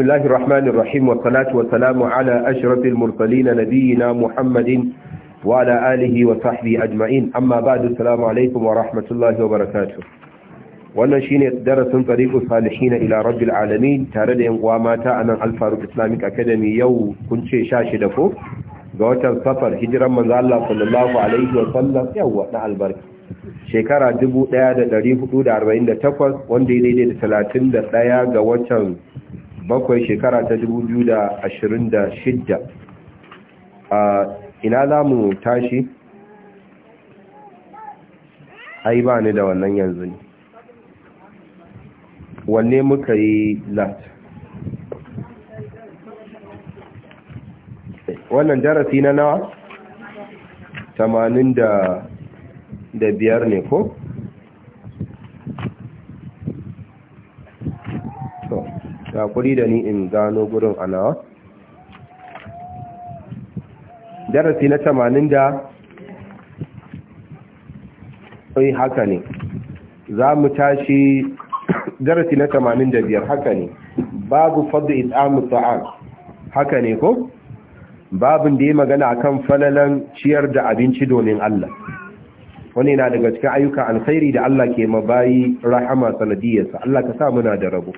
بسم الله الرحمن الرحيم والصلاة والسلام على أشرف المرسلين نبينا محمد وعلى آله وصحبه أجمعين أما بعد السلام عليكم ورحمة الله وبركاته wannan shine darasin tariqu salihin ila rabbil alamin tare da 'Yan'uwa mata a nan Alfaru Islamic Academy yau kun ce 16 ko ga watan safar hijiran manzo Allah sallallahu alaihi wa sallam yawa na albarka shekara 1448 wanda ya daidai da 31 ga watan bakwai shekara ta dubu biyu da 2026 a ina za mu tashi ai ba ni da wannan yanzu ne wanne muka yi lat wannan darasi na nawa biyar ne ko? takuri da ni in gano gurin anawa darasi na tamanin da sai haka ne za mu tashi darasi na tamanin da biyar haka ne babu fadda it'amu ta'am haka ne ko babin da ya magana akan falalan ciyar da abinci domin Allah wani na daga cikin ayyukan alkhairi da Allah ke mabayi rahama sanadiyarsa Allah ka sa muna da rabo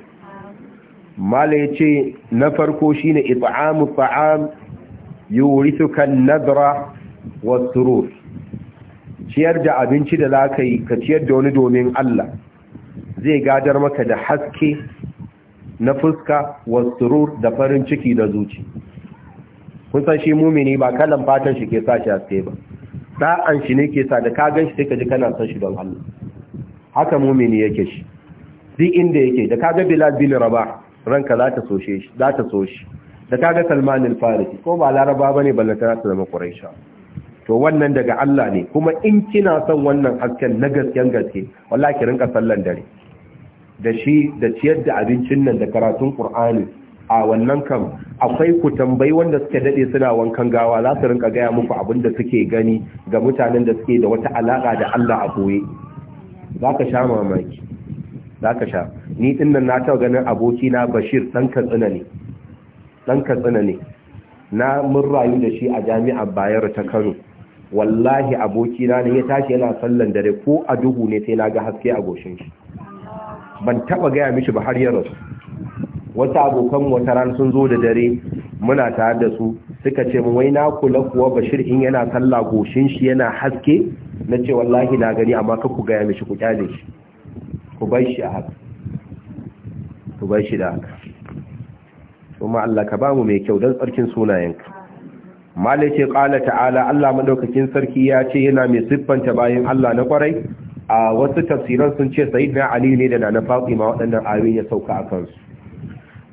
mala ya ce na farko shi ne yi wuri su kan nazara wa surur ciyar da abinci da za yi ka ciyar da wani domin Allah zai gadar maka da haske na fuska wa surur da farin ciki da zuci kun san shi mumini ba kalan fatan shi ke sa shi haske ba sa'an shi ne ke sa da ka gan shi sai ka ji kana son shi don Allah haka mumini yake shi duk inda yake da kaga Bilal bin Rabah ranka za ta soshe shi za ta so shi da kaga Salman al-Farisi ko ba Laraba bane ballata ta zama Quraisha to wannan daga Allah ne kuma in kina son wannan hasken na gasken gaske wallahi ki rinka sallan dare da shi da ciyar da abincin nan da karatun Qur'ani a wannan kan akwai ku tambayi wanda suke dade suna wankan gawa za su rinka gaya muku abin da suke gani ga mutanen da suke da wata alaka da Allah a koye za ka sha mamaki za ka sha ni dinnan na ta ganin abokina bashir ɗan katsina ne na mun rayu da shi a jami'ar bayero ta kano wallahi abokina ne ya tashi yana sallan dare ko a duhu ne sai na ga haske a goshin shi ban taba gaya mishi ba har yi rasu wata abokan wata ran sun zo da dare muna ta da su suka ce wai na kula kuwa bashir in yana sallah goshin shi yana haske na ce wallahi na gani amma kakku gaya mishi ku kyale shi ku bai shi a haka ku bai shi da haka kuma Allah ka bamu mai kyau don tsarkin sunayenka mala ce kala ta'ala Allah madaukakin sarki ya ce yana mai siffanta bayan Allah na kwarai a wasu tafsiran sun ce sayyidina Ali ne da nana Fatima waɗannan ayoyi ya sauka a kansu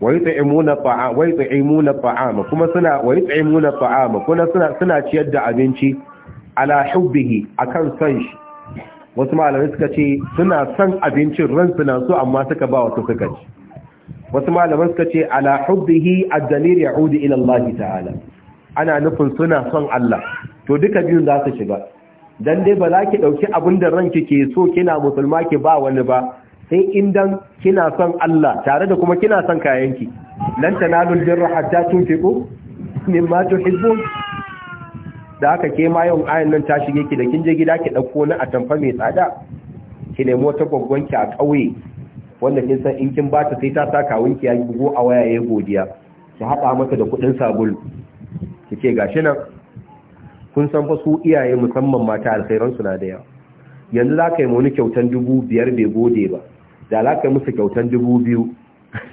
wa yut'imuna ta'a wa yut'imuna ta'ama kuma suna wa yut'imuna ta'ama kuma suna suna ciyar da abinci ala hubbihi akan san shi wasu malamai suka ce suna son abincin ran suna so amma suka ba wasu suka ci wasu malamai suka ce ala hubbihi ad-damir ya'udu ila Allah ta'ala ana nufin suna son Allah to duka biyun za su shiga dan dai ba za ki dauki abin da ranki ke so kina musulma ki ba wani ba sai indan kina son Allah tare da kuma kina son kayanki lan tanalul birra hatta tunfiqu mimma tuhibbun da aka ke ma yau ayan nan ta shige ki da kin je gida ki dauko na atamfa mai tsada ki nemo wata gwaggon ki a kauye wanda kin san in kin ba ta sai ta saka wanki ya bugo a waya ya godiya ki hada mata da kudin sabulu ki ce gashi nan kun san fa su iyaye musamman mata alkhairan su na da yawa yanzu za ka yi muni kyautan dubu biyar bai gode ba da za ka yi musu kyautan dubu biyu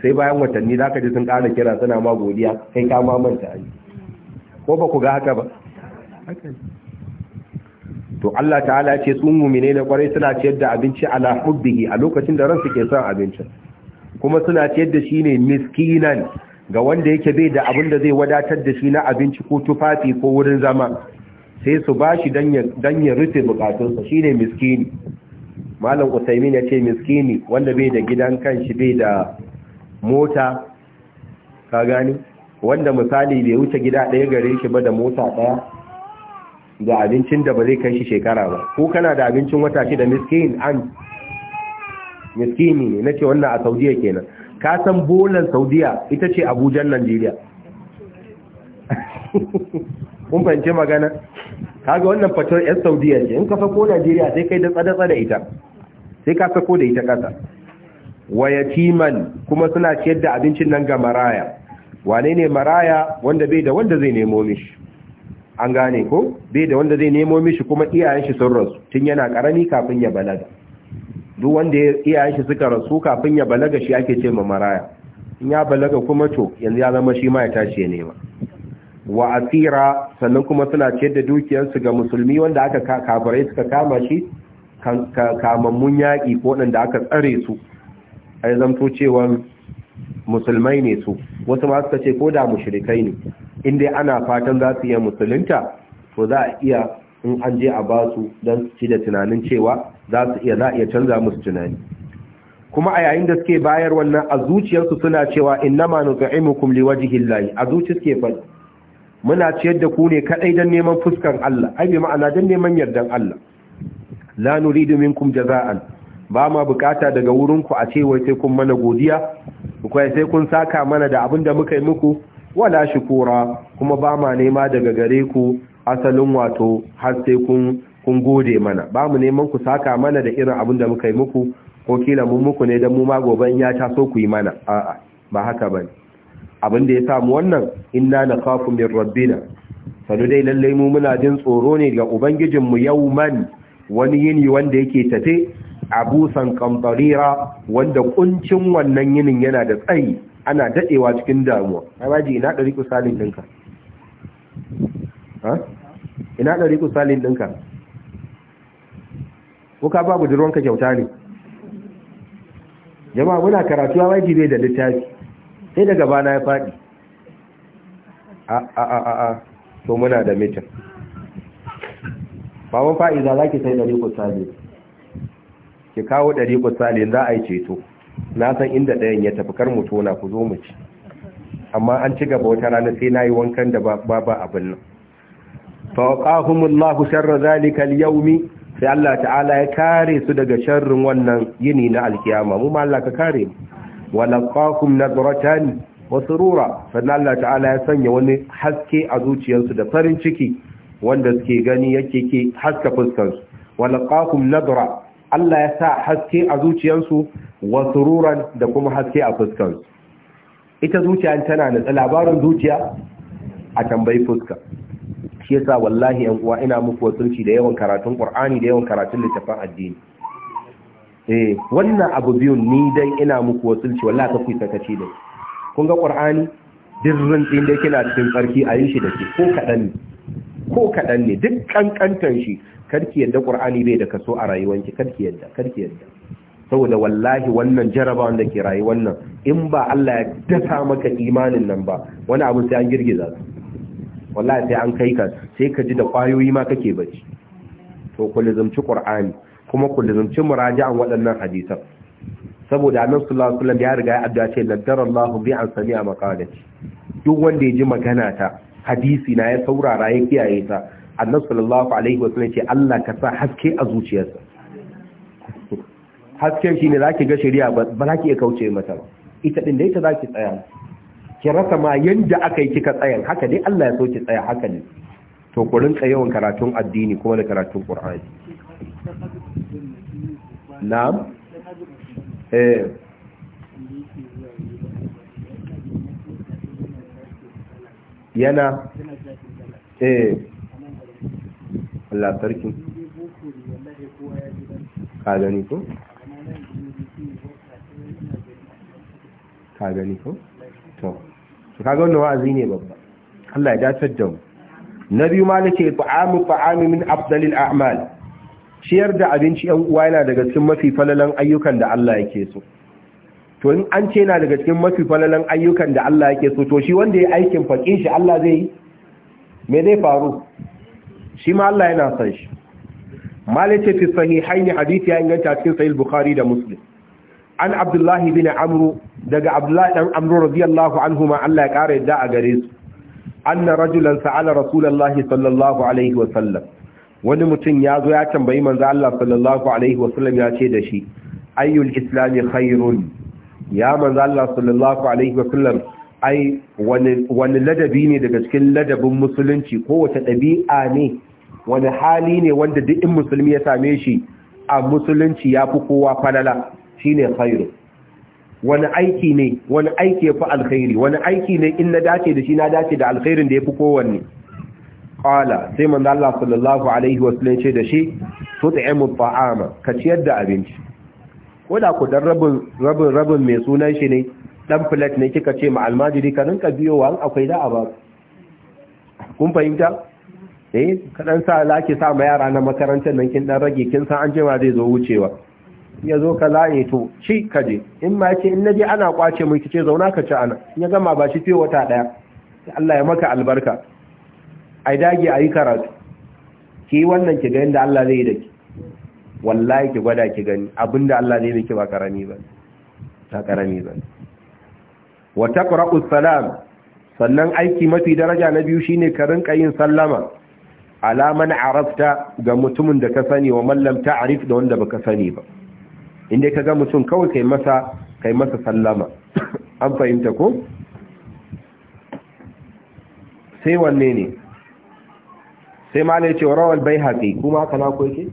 sai bayan watanni za ka ji sun kara kira suna ma godiya kai ka ma manta ko ba ku ga haka ba to Allah ta'ala ce su mumine na kwarai suna ciyar da abinci ala hubbihi a lokacin da ransu ke son abinci, kuma suna ciyar da shi ne miskinan ga wanda yake bai da abin da zai wadatar da shi na abinci ko tufafi ko wurin zama sai su ba shi don ya rufe bukatunsa shi ne miskini malam usaimin ya ce miskini wanda bai da gidan kanshi bai da mota ka gani wanda misali bai wuce gida ɗaya gare shi ba da mota ɗaya ga abincin da ba zai kai shi shekara ba ko kana da abincin wata shi da miskin an miskini ne nake wannan a saudiya kenan ka san bolan saudiya ita ce abujan najeriya kun fahimci magana kaga wannan fatar yan saudiya ce in ka sako najeriya sai kai da tsada da ita sai ka sako da ita kasa wa yatiman kuma suna ciyar da abincin nan ga maraya wane ne maraya wanda bai da wanda zai nemo mishi an gane ko bai da wanda zai nemo mishi kuma iyayen shi sun rasu tun yana karami kafin ya balaga duk wanda iyayen shi suka rasu kafin ya balaga shi ake ce ma maraya in ya balaga kuma to yanzu ya zama shi ma ya tashi ya nema wa asira sannan kuma suna ciyar da dukiyarsu ga musulmi wanda aka kafare suka kama shi kamammun yaƙi ko waɗanda aka tsare su a zamto cewa musulmai ne su wasu ma suka ce ko da mushrikai ne in ana fatan za su iya musulunta to za a iya in an je a ba su don ci da tunanin cewa za su iya za a iya canza musu tunani kuma a yayin da suke bayar wannan a zuciyarsu suna cewa innama nut'imukum liwajhillahi a zuci suke faɗi muna ciyar da ku ne kadai dan neman fuskar Allah ai bi ma'ana dan neman yardan Allah la nuridu minkum jaza'an ba ma bukata daga wurinku a ce wai sai kun mana godiya kai sai kun saka mana da abin da muka yi muku wala shukura kuma ba ma nema daga gare ku asalin wato har sai kun kun gode mana ba mu neman ku saka mana da irin abin da muka yi muku ko kila mun muku ne dan mu ma goben ya ta so ku yi mana a'a ba haka bane abin da ya sa mu wannan inna nakhafu min rabbina sanu dai lalle mu muna jin tsoro ne ga ubangijinmu man. wani yini wanda yake tafe a busan kamfarira wanda kuncin wannan yinin yana da tsayi ana dadewa cikin damuwa babaji ina dari kusalin ɗinka ha ina dari kusalin ɗinka? ko ka babu dirwanka kyauta ne Jam'a muna karatu babaji bai da littafi sai daga bana ya a a a a a to muna da mitin babu fa'iza za ki sai ɗari kusali ki kawo ɗari kusali za a yi ceto na san inda ɗayan ya tafi kar mu tona ku zo mu ci amma an ci gaba wata rana sai na yi wankan da ba ba abin nan fawqahumullahu sharra zalikal al sai Allah ta'ala ya kare su daga sharrin wannan yini na alkiyama mu ma Allah ka kare mu walaqahum nadratan wa surura sannan Allah ta'ala ya sanya wani haske a zuciyarsu da farin ciki wanda suke gani yake ke haska fuskansu walaqahum nadra Allah ya sa haske a zuciyansu wa sururan da kuma haske a fuskansu ita zuciya tana da labarin zuciya a tambayi fuska shi yasa wallahi yan uwa ina muku wasulci da yawan karatun Qur'ani da yawan karatun littafin addini eh wannan abu biyun ni dai ina muku wasulci wallahi ka kuyi kace da kun ga Qur'ani dirrin din da kina cikin tsarki a yi shi da ke ko kadan ne ko kaɗan ne duk ƙanƙantar shi karki yadda ƙur'ani bai da kaso a rayuwanki karki yadda karki yadda saboda wallahi wannan jarabawar da ke rayu wannan in ba Allah ya dasa maka imanin nan ba wani abu sai an girgiza su wallahi sai an kai ka sai ka ji da ƙwayoyi ma kake bacci to ku lizumci ƙur'ani kuma ku lizumci muraja'an waɗannan hadisan saboda annabi sallallahu alaihi wasallam ya riga ya addu'a ce laddara Allahu bi an sami'a maqalati duk wanda ya ji magana ta hadisi na ya saurara ya kiyaye ta annab sallallahu alaihi wasallam ce Allah ka sa haske a zuciyarsa hasken shi za zaki ga shari'a ba zaki iya kauce mata ba ita din dai ta zaki tsaya ki rasa ma yanda aka kika tsayan haka dai Allah ya so ki tsaya haka ne to ku rinka yawan karatun addini kuma da karatun Qur'ani na'am eh yana eh Allah sarki ka gani ko ka gani ko to to kaga wannan wa'azi ne babba Allah ya dace da mu nabi biyu ma nake ta'amu ta'amu min afdalil a'mal ciyar da abinci yan uwa yana daga cikin mafi falalan ayyukan da Allah yake so to in an ce na daga cikin mafi falalan ayyukan da Allah yake so to shi wanda ya aikin fakin shi Allah zai me zai faru shi ma Allah yana san shi malice fi sahihaini hadisi ya inganta cikin sahih bukhari da muslim an abdullahi bin amru daga abdullahi dan amr radiyallahu ma Allah ya kare yadda a gare su anna rajulan sa'ala rasulullahi sallallahu alaihi wa sallam wani mutum ya zo ya tambayi manzo Allah sallallahu alaihi wa sallam ya ce da shi ayyul islami khairun ya manzo Allah sallallahu alaihi wasallam ai wani ladabi ne daga cikin ladabin musulunci ko wata ɗabi'a ne wani hali ne wanda duk in musulmi ya same shi a musulunci ya fi kowa falala shine khairu wani aiki ne wani aiki ya fi alkhairi wani aiki ne in na dace da shi na dace da alkhairin da ya fi kowanne qala sai manzo Allah sallallahu alaihi wasallam ce da shi tu'imu ta'ama ka ciyar da abinci ko da ku dan rabin rabin rabin mai sunan shi ne dan flat ne kika ce ma almajiri ka rinka biyowa akwai da a ba kun fahimta eh dan sa laki sa ma yara na makarantar nan kin dan rage kin san an jima zai zo wucewa ya zo ka laye to shi ka je. in ma ce in naje ana kwace mu kice zauna ka ci ana in ya gama ba shi fiye wata daya Allah ya maka albarka ai dage ayi karatu ki wannan ki ga inda Allah zai yi da ki wallahi ki gwada ki gani abinda Allah zai miki ba karami ba ta karami ba wa taqra'u salam sannan aiki mafi daraja na biyu shine ka rinka yin sallama ala man arafta ga mutumin da ka sani wa man lam ta'rif da wanda baka sani ba inda ka ga mutum kawai kai masa kai masa sallama an fahimta ko sai wanne ne sai malai ce rawal bai haƙi kuma haka na ko yake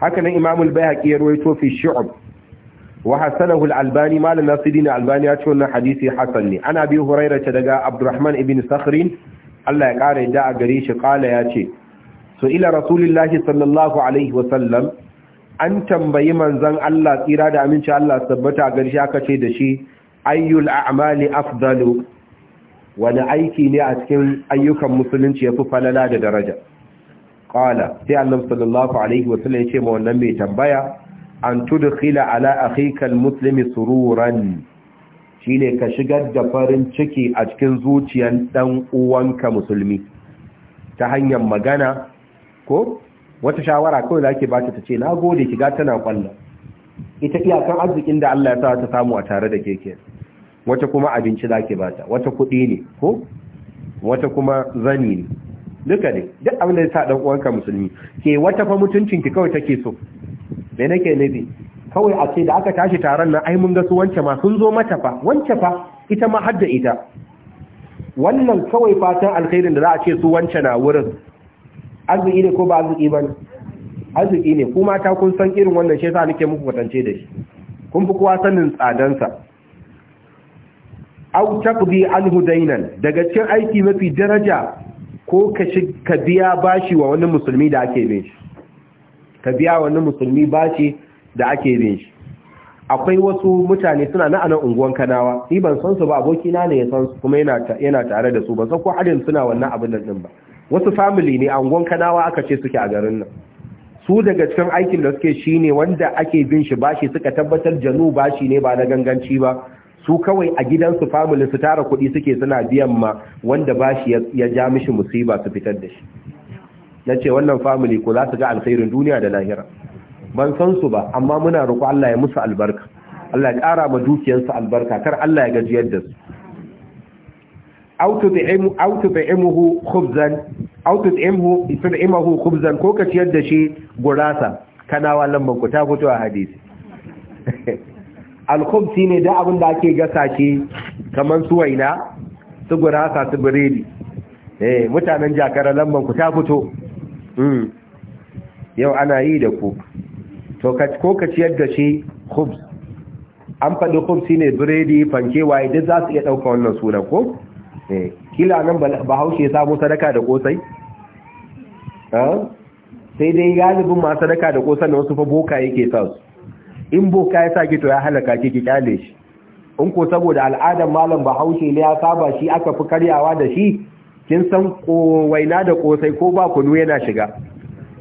haka nan imam al-bayhaqi ya rawaito fi wa hasanahu al-albani malam nasidin al-albani ya ce wannan hadisi hasan ne ana bi ta daga abdurrahman ibn sakhrin Allah ya kare da a gare shi kala ya ce so ila rasulullahi sallallahu alaihi wa sallam an tambayi manzon Allah tsira da aminci Allah sabbata gare shi aka ce da shi ayyul a'mali afdalu wani aiki ne a cikin ayyukan musulunci yafi falala da daraja kala sai annabi sallallahu alaihi wa sallam yace ma wannan mai tambaya an tudkhila ala akhika almuslimi sururan shine ka shigar da farin ciki a cikin zuciyan dan uwanka musulmi ta hanyar magana ko wata shawara kawai zake ba ta tace nagode kiga tana kwalla ita iyakan arzikin da Allah ya sa ta samu a tare da keke wata kuma abinci zake bata wata kudi ne ko wata kuma zani ne duka ne duk abin da ya sa dan uwanka musulmi ke wata fa mutuncin ki kawai take so me nake nufi kawai a ce da aka tashi taron nan ai mun ga su wance ma sun zo mata fa wance fa ita ma hadda ita wannan kawai fatan alkhairin da za a ce su wance na wurin arziki ne ko ba arziki ba arziki ne kuma ta kun san irin wannan shi yasa nake muku kwatance da shi kun fi kowa sanin tsadansa au taqdi alhudainan daga cikin aiki mafi daraja ko ka biya bashi wa wani musulmi da ake bin shi ka biya wani musulmi bashi da ake bin shi akwai wasu mutane suna na anan unguwan kanawa ni ban san su ba aboki na ne ya san su kuma yana yana tare da su ba san ko hadin suna wannan abin nan din ba wasu family ne a unguwan kanawa aka ce suke a garin nan su daga cikin aikin da suke shine wanda ake bin shi bashi suka tabbatar janu bashi ne ba na ganganci ba su kawai a gidansu famili su tara kuɗi suke suna biyan ma wanda ba shi ya ja mishi musiba su fitar da shi na ce wannan famili ko za su ga alkhairin duniya da lahira ban san su ba amma muna roƙo Allah ya musu albarka Allah ya ƙara ma dukiyarsu albarka kar Allah ya gajiyar da su autu ta'imu khubzan autu khubzan ko ka ciyar da shi gurasa kanawa lamban ku ta fito a hadisi alkomsi ne da abin da ake gasa ke kamar su waina su gurasa su biredi eh mutanen jakara lamban ku ta fito hmm. yau ana yi da ku to ko ka ciyar da shi khubz an faɗi khubz shine biredi fanke waye duk za su iya ɗauka wannan sunan ko eh kila nan bahaushe ya samu sadaka da kosai ah? sai dai galibin ma sadaka da kosan da wasu fa boka yake sa su in boka ya sa ki to ya halaka ki ki kyale shi in ko saboda al'adar malam bahaushe ne ya saba shi aka fi karyawa da shi kin san ko waina da kosai ko ba kunu yana shiga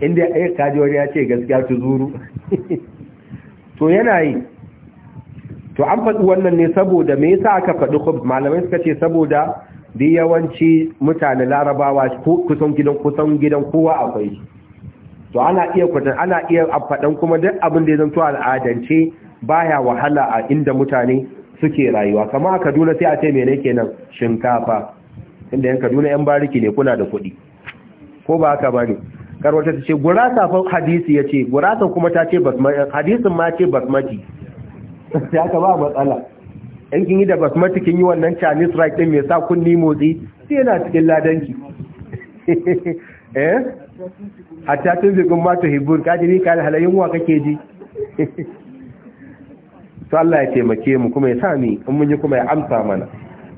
inda ya eh, kaji wani ya ce gaskiya ta zuru to yana yi to an faɗi wannan ne saboda me yasa aka faɗi khubz malamai suka ce saboda da yawanci mutane larabawa kusan gidan kusan gidan kowa akwai to ana iya kwatan ana iya faɗan kuma duk abin da ya zanto al'adance baya wahala a inda mutane suke rayuwa kama a kaduna sai a ce mene kenan shinkafa inda yan kaduna yan bariki ne kuna da kuɗi ko ba haka ba ne karwata ta ce gurasa fa hadisi ya ce gurasa kuma ta ce basmati hadisin ma ce basmati ya ka ba matsala in kin yi da basmati kin yi wannan chinese rice din mai sa kunni motsi sai yana cikin ladanki eh hatta tun fi kun mata hibbur ka jini ka halar yunwa kake ji to Allah ya taimake mu kuma ya sami in mun yi kuma ya amsa mana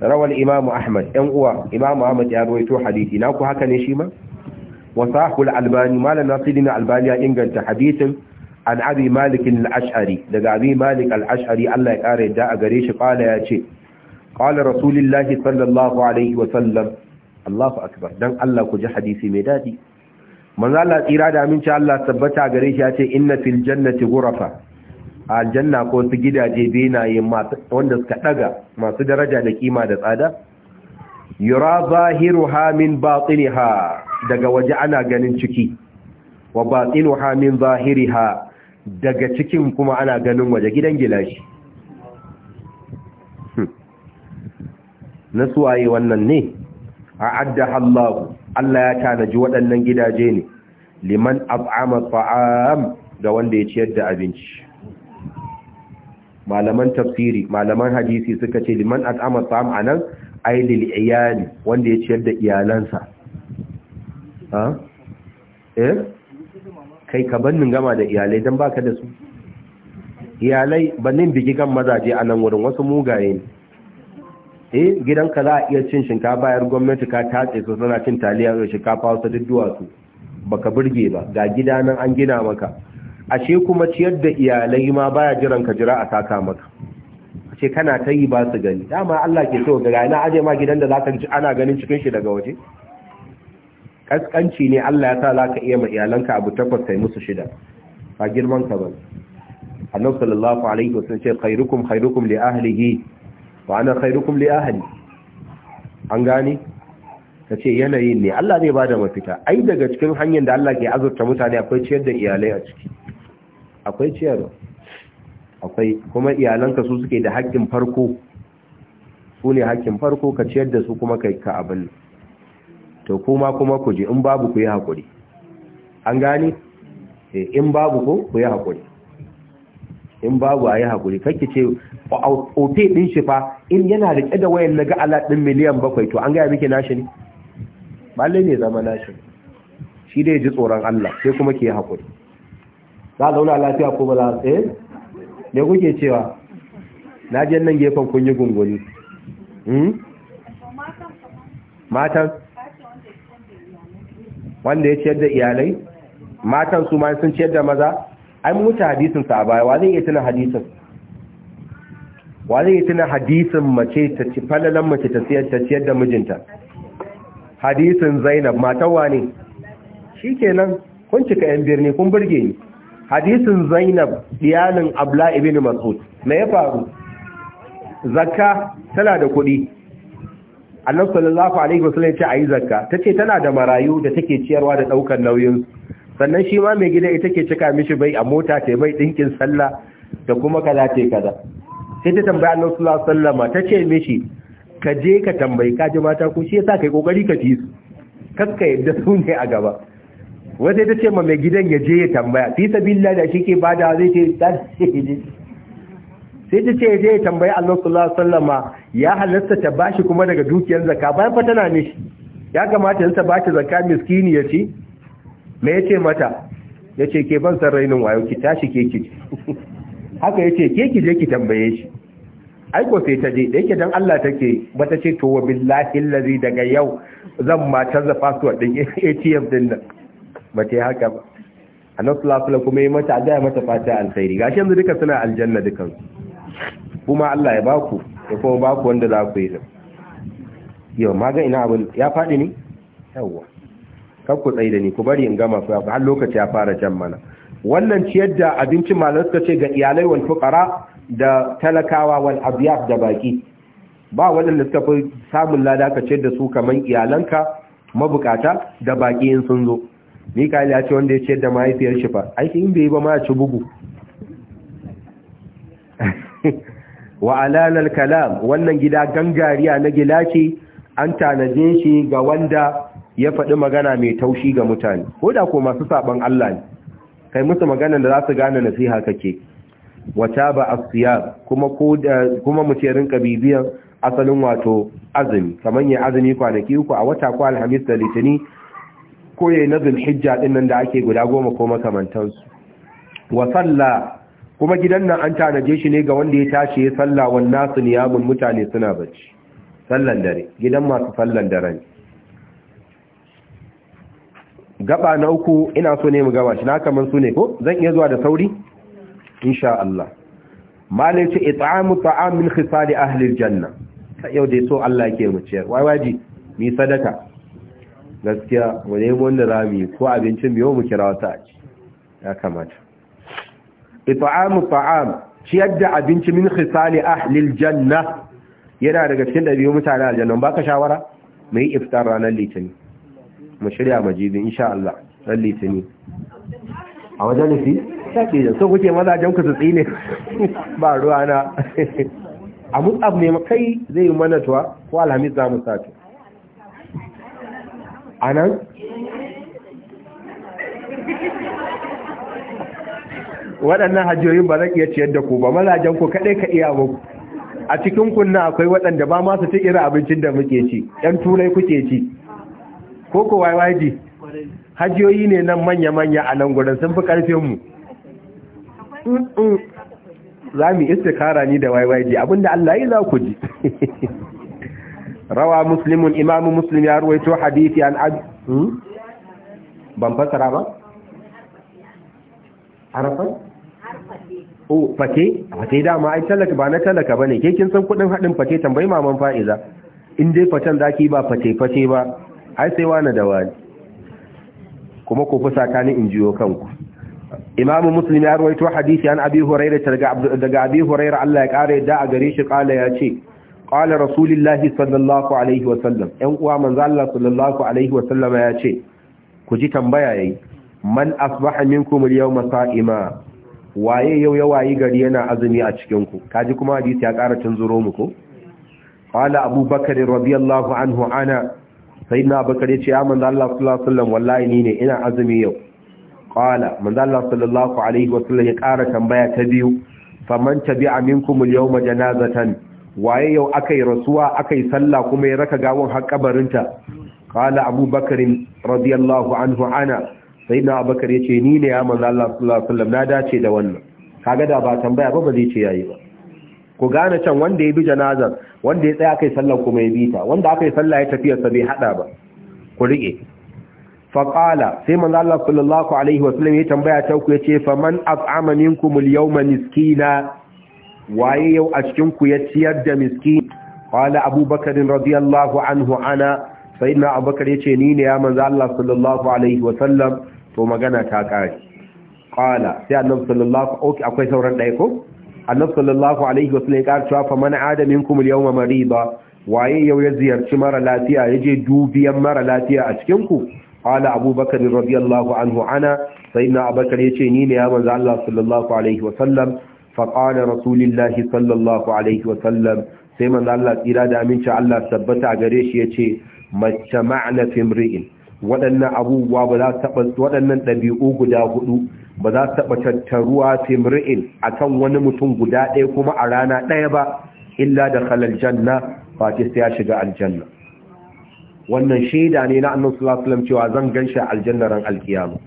rawar imamu ahmad yan uwa imamu ahmad ya rawaito hadisi na ku haka ne shi ma wa sahul albani malam nasirin albani ya inganta hadisin an abi malik al-ash'ari daga abi malik al-ash'ari Allah ya kare da a gare shi kala ya ce qala rasulullahi sallallahu alaihi wa sallam Allahu akbar dan Allah ku ji hadisi mai dadi manzo Allah tsira da aminci Allah tabbata gare shi ya ce inna fil jannati ghurafa aljanna ko su gidaje benaye masu wanda suka daga masu daraja da kima da tsada yura zahiruha min batiniha daga waje ana ganin ciki wa batinuha min zahiriha daga cikin kuma ana ganin waje gidan gilashi hmm. na suwaye wannan ne a addaha Allah Allah ya tanaji waɗannan gidaje ne liman ab'ama fa'am ga wanda ya ciyar da abinci malaman tafsiri malaman hadisi suka ce liman ab'ama fa'am anan ay lil iyali wanda ya ciyar da iyalansa ha eh kai ka bannin gama da iyalai dan baka da su iyalai bannin bigigan kan mazaje a nan wurin wasu mugaye ne eh gidanka za a iya cin shinkafa yar gwamnati ka tatse su suna cin taliya da shinkafa wasu duk duwatsu baka burge ba ga gida nan an gina maka ashe kuma ciyar da iyalai ma baya jiran ka jira a saka maka ashe kana ta yi ba su gani dama Allah ke so ga ina aje ma gidan da zaka ji ana ganin cikin shi daga waje kaskanci ne Allah ya sa za ka iya ma iyalanka abu takwas kai musu shida ba girman ka ba annabi sallallahu alaihi wasallam ce khairukum khairukum li ahlihi wa ana khairukum li ahli an gani ta ce yanayin ne Allah zai bada mafita ai daga cikin hanyar da Allah ke azurta mutane akwai ciyar da iyalai a ciki akwai ciyarwa akwai kuma iyalanka su suke da haƙƙin farko su ne haƙƙin farko ka ciyar da su kuma kai ka abin to kuma kuma ku je in babu ku yi haƙuri an gani eh, in babu ku ku yi haƙuri in babu a yi haƙuri kake ce ofe ɗin shi fa in yana riƙe da wayan na ga'ala ɗin miliyan bakwai to an gaya muke nashi ne ba ne zama nashi shi dai ji tsoron Allah sai kuma ke haƙuri za a zauna lafiya ko ba za a tsaye ne kuke cewa na je nan gefen kun yi gungoni hmm? matan wanda ya ciyar da iyalai matan su ma sun ciyar da maza ai mun wuce hadisin sa a baya wa zai iya tuna hadisin wa zai iya tuna hadisin mace ta ci falalan mace ta siyar ta ciyar da mijinta hadisin Zainab matawa ne shikenan kun cika yan birni kun burge ni hadisin Zainab diyalin Abla ibn Mas'ud me ya faru zakka tana da kuɗi Allah sallallahu alaihi wasallam ya ce ayi zakka tace tana da marayu da take ciyarwa da daukar nauyin su sannan shi ma mai gida ita ke cika mishi bai a mota ta bai dinkin sallah da kuma kaza ta kaza sai ta tambaya Allah sallallahu alaihi wasallam ta ce mishi ka je ka tambayi ka ji mata ko shi yasa kai kokari ka ci su kakka yadda su ne a gaba wata ta ce ma mai gidan ya je ya tambaya fi sabilillah da shike bada zai ce ta ce sai ta ce ya je ya tambayi Allah sallallahu alaihi wasallam ya halatta ta bashi kuma daga dukiyar zakka bayan fa tana mishi, ya kamata in ta bashi zakka miskini ya ci me ce mata ya ce ke ban san rainin wayo ki tashi ke ki haka ce ke ki je ki tambaye shi ai ko sai ta je da yake dan Allah take bata ce to wa billahi allazi daga yau zan ma canza password din ATM din nan bata yi haka ba annabi sallallahu alaihi kuma yi mata ga mata fata alkhairi gashi yanzu duka suna aljanna dukan kuma Allah ya baku ya kuma baku wanda za ku yi yau maga ina abin ya faɗi ne yawwa ku tsaye da ni ku bari in gama su har lokaci ya fara jan mana wannan ciyar da abinci malamai suka ce ga iyalai wal fuqara da talakawa wal abyaf da baki ba waɗanda suka fi samun lada ka ciyar da su kamar iyalanka mabukata da baki in sun zo ka ya ce wanda ya ciyar da mahaifiyar shi fa ai in bai ba ma ci bugu wa alalal kalam wannan gida gangariya na gilaci an tanaje shi ga wanda ya faɗi magana mai taushi ga mutane ko da ko masu saɓon Allah ne kai musu magana da za su gane nasiha kake wata ba a kuma kuma mu ce rinka bibiyan asalin wato azumi kamar ya azumi kwanaki uku a wata ko alhamis da litini ko ya nazil hijja din nan da ake guda goma ko makamantansu wa salla kuma gidan nan an tanaje shi ne ga wanda ya tashi ya salla wannan nasu niyamun mutane suna bacci sallan dare gidan masu sallan dare ne gaba na uku ina so ne mu gaba shi na kaman su ne ko zan iya zuwa da sauri insha Allah malai ce it'amu ta'am min khisal ahli aljanna yau dai so Allah yake mu ciyar wai waji mi sadaka gaskiya mu nemo wanda zamu ko abincin biyo mu kira wata aci ya kamata it'amu ta'am ciyar da abinci min khisal ahli aljanna yana daga cikin dabi'u mutanen aljanna ba ka shawara mai iftar ranar litinin mu shirya majidi insha Allah ɗan litini a wajen nufi shaƙi da so kuke jan ku su tsine ba ruwa na a mutsab ne kai zai yi mana tuwa ko alhamis za mu sace a nan waɗannan hajjoyin ba zai iya ciyar da ku ba mazajen ku kaɗai ka iya ba a cikin kunna akwai waɗanda ba masu ci abincin da muke ci ‘yan turai kuke ci ko ko yyg hajiyoyi ne nan manya-manya a nan gudun sun fi ƙarfinmu. za mu istikara ni da yyg abinda allah yi za ku ji rawa muslimun imamu muslim ya ruwaito hadithi an abi hmm? ban fasara ba? harafan? o oh, fate fate dama ai talaka ba na talaka ba ne ke kin san kudin haɗin fake tambayi maman fa'iza in dai facen zaki ba fate-fate ba ai sai wani da wani kuma ku fusa kani in jiyo kanku imamu muslim ya ruwaito hadisi an abi huraira daga abi huraira Allah ya kare da a gare shi kala ya ce kala rasulullahi sallallahu alaihi wa sallam ɗan uwa manzo Allah sallallahu alaihi wa sallama ya ce ku ji tambaya yayi man asbaha minkum al-yawma sa'ima waye yau ya wayi gari yana azumi a cikin ku kaji kuma hadisi ya kara tunzuro muku qala abubakar radiyallahu anhu ana sai na bakar ya ce ya manzo Allah sallallahu alaihi wasallam wallahi ni ne ina azumi yau qala manzo Allah sallallahu alaihi wasallam ya ƙara tambaya ta biyu faman tabi'a minkum al-yawma janazatan waye yau akai rasuwa akai sallah kuma ya raka gawon har kabarinta qala abubakar radiyallahu anhu ana sayyidina abubakar yace ni ne ya manzo Allah sallallahu alaihi wasallam na dace da wannan kaga da ba tambaya ba ba zai ce yayi ba ku gane can wanda ya bi janazar wanda ya tsaya kai sallan kuma ya bi ta wanda aka yi sallah ya tafiya sa bai hada ba ku rike faqala sai manzo Allah sallallahu alaihi wasallam ya tambaya ta ku yace faman at'ama minkum al-yawma miskina waye yau a cikin ku ya ciyar da miskin qala abubakar radiyallahu anhu ana sayyidina abubakar yace ni ne ya manzo Allah sallallahu alaihi wasallam to magana ta kare qala sai annabi sallallahu alaihi okay akwai sauran dai ko annabi sallallahu alaihi wasallam ya ƙara cewa fa man adamin kumul yawma marida waye yau ya ziyarci mara lafiya ya je dubiyan mara lafiya a cikin ku qala abubakar radiyallahu anhu ana sayyidina abubakar yace ni ne ya manzo Allah sallallahu alaihi wasallam fa qala rasulullahi sallallahu alaihi wasallam sai manzo Allah tsira da aminci Allah tabbata gare shi yace mace ma'ana fimri'in waɗannan abubuwa ba za su taɓa waɗannan ɗabi'u guda hudu ba za su taɓa tattaruwa fimri'in a kan wani mutum guda ɗaya kuma a rana ɗaya ba illa da halal janna ba ce sai ya shiga aljanna wannan shaida ne na annan sulasulam cewa zan gan shi aljanna ran alkiyama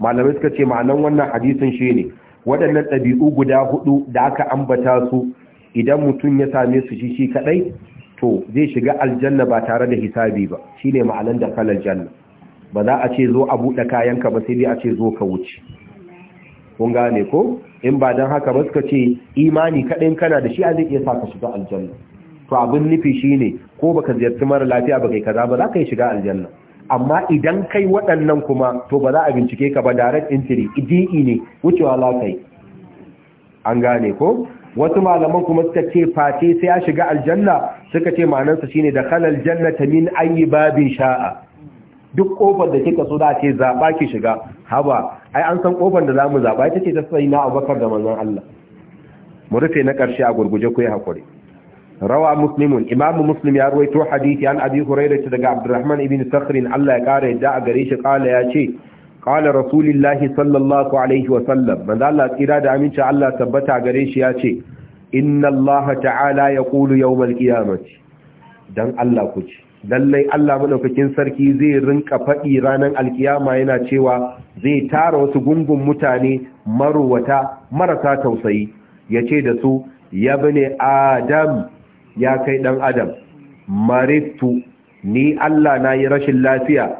malamai suka ce ma'anan wannan hadisin shi ne waɗannan ɗabi'u guda hudu da aka ambata su idan mutum ya same su shi shi kaɗai to zai shiga aljanna ba tare da hisabi ba shine ma'anan da halal janna ba za a ce zo a buɗe kayanka ba sai dai a ce zo ka wuce kun gane ko in ba don haka ba suka ce imani kaɗin kana da shi a zai iya sa ka shiga aljanna to abin nufi shine ko baka ziyarci mara lafiya ba kai kaza ba za ka yi shiga aljanna amma idan kai waɗannan kuma to ba za a bincike ka ba direct entry idi e ne wucewa za ka yi an gane ko wasu malaman kuma suka ce face sai ya shiga aljanna suka ce ma'anarsa shine da khalal jannata min ayi babin sha'a duk kofar da kika so za ce zaba ki shiga haba ai an san kofar da zamu zaba ita ce ta sai na Abubakar da manzon Allah mu rufe na karshe a gurguje ku yi hakuri rawa muslimun imamu muslim ya ruwaito hadisi an abi hurairah daga abdurrahman ibn sakhr Allah ya kare da a gare shi kala ya ce kala rasulullahi sallallahu alaihi wa sallam manzo Allah tsira da aminci Allah tabbata gare shi ya ce inna Allah ta'ala yaqulu yawmal qiyamati dan Allah ku ce lallai Allah madaukakin sarki zai rinka faɗi ranar alkiyama yana cewa zai tara wasu gungun mutane maruwata marasa tausayi ya ce da su ya bane adam ya kai ɗan adam maritu ni Allah na yi rashin lafiya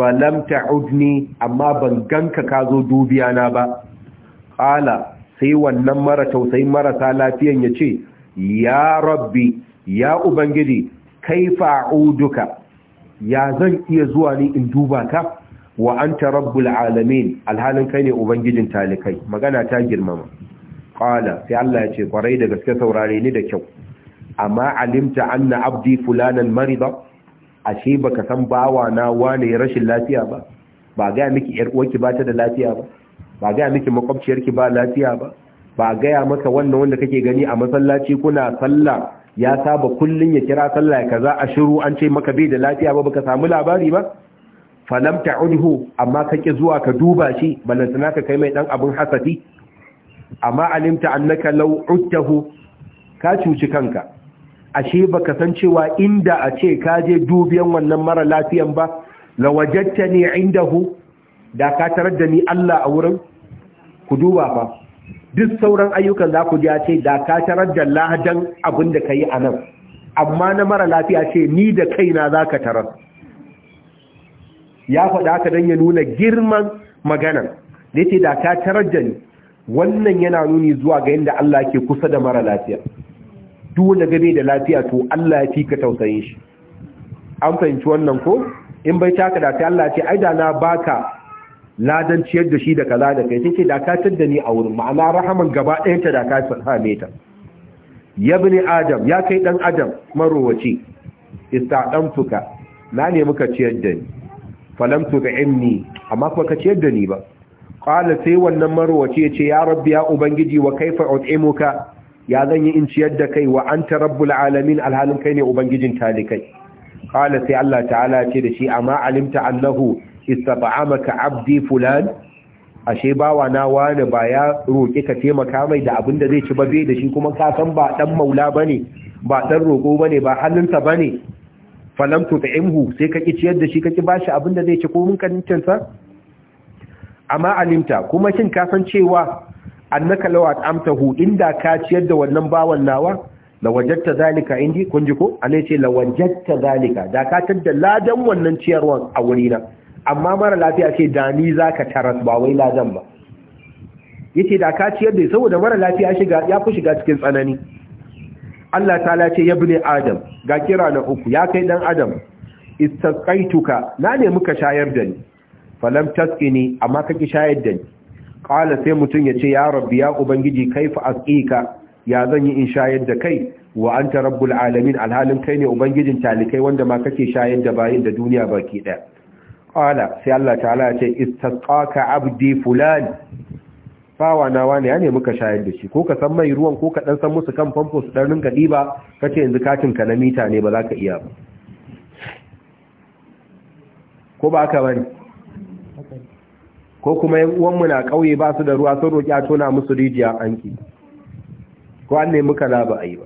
falam ta'udni amma ban ganka ka zo dubiya na ba ƙala sai wannan mara tausayi marasa lafiyan ya ce ya rabbi ya ubangiji kaifa fa'uduka ya zan iya zuwa ni in duba ka wa anta rabbul alamin alhalin kai ne ubangijin talikai magana ta girmama qala sai Allah ya ce kwarai da gaske saurare ni da kyau amma alimta anna abdi fulanan marida ashe baka san bawa na wane rashin lafiya ba ba ga miki yar uwarki ba ta da lafiya ba ba ga miki makwabciyarki ba lafiya ba ba ga gaya maka wannan wanda kake gani a masallaci kuna sallah ya saba kullun ya kira sallah kaza a shiru an ce maka bai da lafiya ba baka samu labari ba falam ta'udhu amma kake zuwa ka duba shi balantana ka kai mai dan abun hasafi amma alimta annaka law uttahu ka cuci kanka ashe baka san cewa inda a ce ka je dubiyan wannan mara lafiyan ba lawajadtani indahu da ka tarar da ni Allah a wurin ku duba fa duk sauran ayyukan za ku ji ce da ka tarar da lahajan abin da ka yi a nan amma na mara lafiya ce ni da kaina za ka tarar ya faɗa aka don ya nuna girman magana da ce da ka tarar da ni wannan yana nuni zuwa ga yadda Allah ke kusa da mara lafiya duk wanda gabe da lafiya to Allah ya fi ka tausayin shi an fahimci wannan ko in bai taka da sai Allah ce ai da na baka ladan ciyar da shi da kaza da kai take dakatar da ni a wurin ma'ana rahaman gaba ɗayan ta dakatar same ta ya bani adam ya kai dan adam marowaci istadamtuka na ne muka ciyar da ni falam tuka imni amma kuma ka ciyar da ni ba qala sai wannan marowace ya ce ya rabbi ya ubangiji wa kaifa ut'imuka ya zan yi in ciyar da kai wa anta rabbul alamin alhalin kai ne ubangijin talikai qala sai Allah ta'ala ce da shi amma alimta annahu istab'amaka abdi fulan ashe bawa na wani ba ya roƙe ka taimaka mai da abin da zai ci ba bai da shi kuma ka san ba dan maula bane ba dan roƙo bane ba halinsa bane falam ta'imhu sai ka ki ciyar da shi ka ki bashi abin da zai ci ko mun kancin sa amma alimta kuma shin ka san cewa annaka law at'amtahu inda ka ciyar da wannan bawan nawa la wajadta zalika indi kun ji ko alai ce la wajadta zalika da ka tadda ladan wannan ciyarwan a wurina amma mara lafiya ce da ni za ka taras ba wai ladan ba ya ce da ka ciyar da saboda mara lafiya ya fi shiga cikin tsanani Allah ta lace ya bine adam ga kira na uku ya kai dan adam istaskaituka na ne muka shayar da ni falam ne, amma kake shayar da ni qala sai ya ce ya rabbi ya ubangiji kai kaifa asqika ya zan yi in shayar da kai wa an ta rabbul alamin alhalin kai ne ubangijin talikai wanda ma kake shayar da bayan da duniya baki ɗaya? qala sai Allah ta'ala ya ce istasqaka abdi fulan fawa na wani ya ne muka shayar da shi ko ka san mai ruwan ko ka dan san musu kan famfo su dan rinka diba kace yanzu katin ka na mita ne ba za ka iya ba ko ba ka bari? ko kuma yan uwan mu na kauye ba su da ruwa sun roki a tona musu rijiya anki ko an nemi kaza ba a yi ba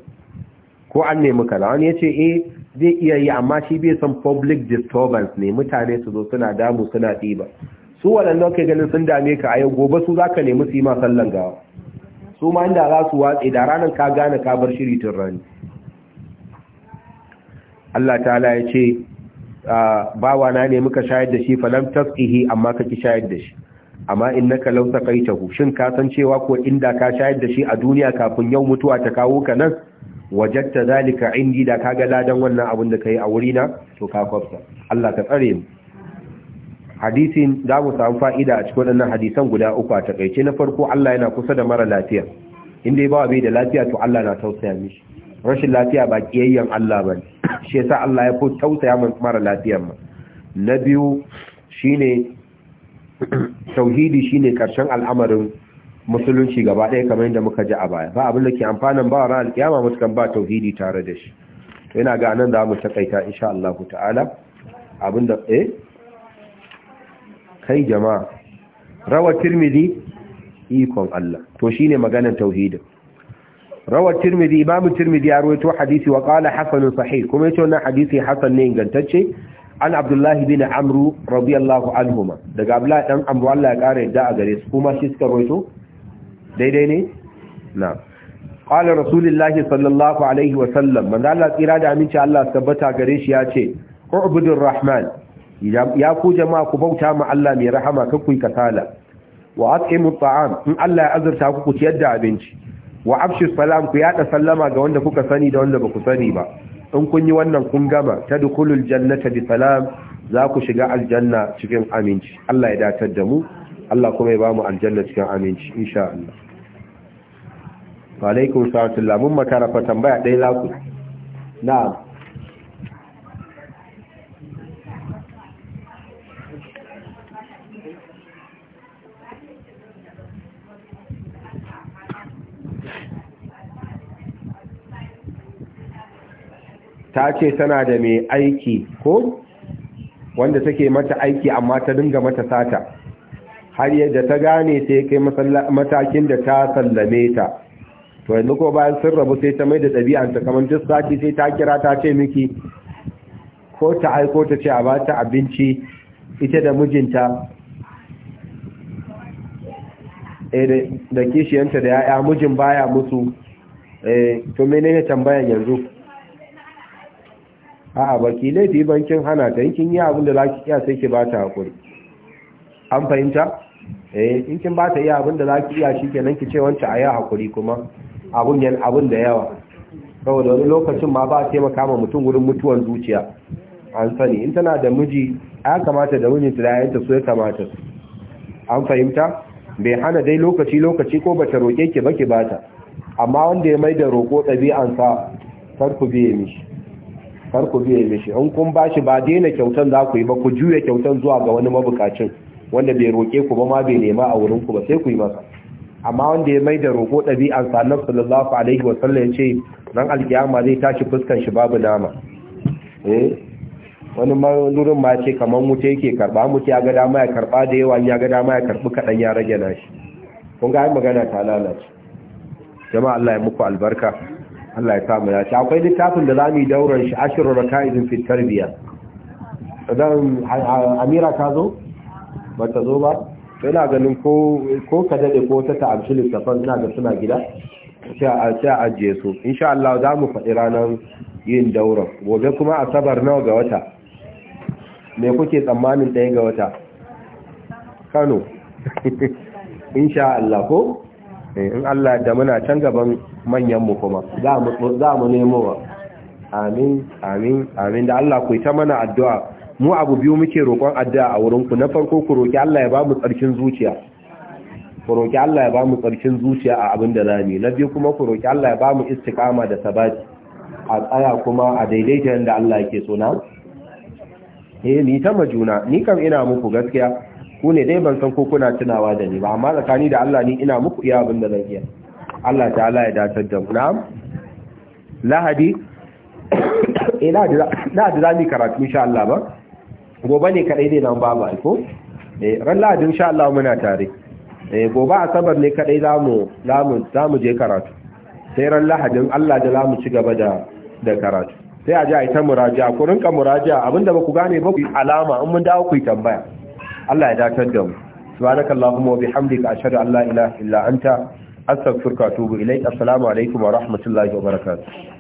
ko an nemi kaza wani yace eh zai iya yi amma shi bai san public disturbance ne mutane su zo suna damu suna ɗiba su waɗannan kai ganin sun dame ka a yau gobe su zaka nemi su yi ma sallan gawa su ma inda za su watse da ranar ka gane ka bar shiri tun rani Allah ta'ala ya ce bawa na ne muka shayar da shi falam tasqihi amma kaki shayar da shi amma innaka law saqaitahu shin ka san cewa ko inda ka shayar da shi a duniya kafin yau mutuwa ta kawo ka nan wajatta zalika indi da kaga ladan wannan abin da kai a wurina to ka kwafsa Allah ka tsare mu hadisin da mu samu fa'ida a cikin waɗannan hadisan guda uku a takaice na farko Allah yana kusa da mara lafiya inda ya bawa bai da lafiya to Allah na tausaya mishi rashin lafiya ba kiyayyen Allah ba shi yasa Allah ya fi tausaya mara lafiyar ma na biyu shine tauhidi shine karshen al'amarin musulunci gaba ɗaya kamar yadda muka ji a baya ba abin da ke amfanin ba ran alƙiyama musulun ba tauhidi tare da shi to ina ga nan za mu takaita insha Allah ta'ala abin da eh kai jama'a rawa tirmidhi ikon Allah to shine maganar tauhidin rawa tirmidhi imam tirmidhi ya rawaito hadisi wa qala hasan sahih kuma yace wannan hadisi hasan ne ingantacce an abdullahi bin amru radiyallahu anhuma daga abdullahi dan amru Allah ya kare da a gare su kuma shi suka rawaito daidai ne na qala rasulullahi sallallahu alaihi wa sallam Allah tsira da aminci Allah tabbata gare shi ya ce ubudur rahman ya ku jama'a ku bauta ma Allah mai rahama kan ku kasala wa at'imu ta'am in Allah ya azurta ku ku ciyar da abinci wa abshir salam ku yada sallama ga wanda kuka sani da wanda baku sani ba in kun yi wannan kun gama dukulul jannata bi salam za ku shiga aljanna cikin aminci Allah ya datar da mu Allah kuma ya ba mu aljanna cikin aminci insha Allah wa alaikum lamun makara fa tambaya ɗaya laku na'am ta ce tana da mai aiki ko wanda take mata aiki amma ta dinga mata sata har yadda ta gane sai kai matakin da ta sallame ta to yanzu ko bayan sun rabu sai ta mai da ɗabi'anta kamar duk sati sai ta kira ta ce miki ko ta aiko ta ce a ba ta abinci ita da mijinta eh, da kishiyanta da ya'ya mijin baya musu eh, to menene tambayan yanzu a baki laifi bankin hana ta yankin yi abinda da za ki iya sai ki ba ta haƙuri an fahimta eh yankin ba ta iya abinda da za ki iya shi kenan ki ce wancan a yi haƙuri kuma abun da yawa saboda wani lokacin ma ba a taimaka ma mutum wurin mutuwan zuciya an sani in tana da miji ya kamata da mijinta da yayanta so ya kamata an fahimta bai hana dai lokaci lokaci ko bata roke ki ba ki bata amma wanda ya mai da roko kar ku biye mishi kar ku in kun ba shi ba daina kyautan za ku yi ba ku juya kyautan zuwa ga wani mabukacin wanda bai roke ku ba ma bai nema a wurin ku ba sai ku yi masa amma wanda ya mai da roƙo ɗabi'ar sannan sallallahu alaihi wasallam ya ce ran alkiyama zai tashi fuskan shi babu nama eh, wani malurin ma ce kamar wuta yake karɓa mutu ya ga dama ya karɓa da yawa ya ga dama ya karɓi kaɗan ya rage na shi kun ga magana ta lalace jama'a Allah ya muku albarka Allah ya samu ya ce akwai littafin da zamu yi dauran shi ashirin raka'idin fi tarbiya idan amira ta zo ba ta zo ba ina ganin ko ka dade ko ta ta'amshi littafan na ga suna gida sai a ajiye su insha Allah za mu faɗi ranar yin dauran gobe kuma asabar nawa ga wata me kuke tsammanin ɗaya ga wata kano insha Allah ko eh, in Allah da muna can gaban manyanmu kuma za mu nemo wa amin amin amin da Allah ku ta mana addu'a mu abu biyu muke roƙon addu'a a wurinku na farko ku roƙi Allah ya ba mu tsarkin zuciya ku roƙi Allah ya ba mu tsarkin zuciya a abin da zamu na biyu kuma ku roƙi Allah ya ba mu istiqama da sabati a tsaya kuma a daidaita yadda Allah yake so na eh ni ta majuna ni kam ina muku gaskiya ku ne dai ban san ko kuna tunawa da ni ba amma tsakani da Allah ni ina muku iya abin da zan iya Allah ta'ala ya dace da mu na'am lahadi eh, ina da za mu karatu insha Allah ba gobe ne kadai dai nan babu aiko eh ran lahadin insha Allah muna tare eh gobe asabar ne kadai zamu zamu zamu je karatu sai ran lahadin Allah da zamu ci gaba da da karatu sai a ji a ta muraja ku rinka muraja abinda ba ku gane ba ku alama in mun dawo ku yi tambaya Allah ya datar da mu subhanakallahumma wa bihamdika ashhadu an la ilaha illa anta astaghfiruka wa atubu ilaik assalamu alaikum wa rahmatullahi wa barakatuh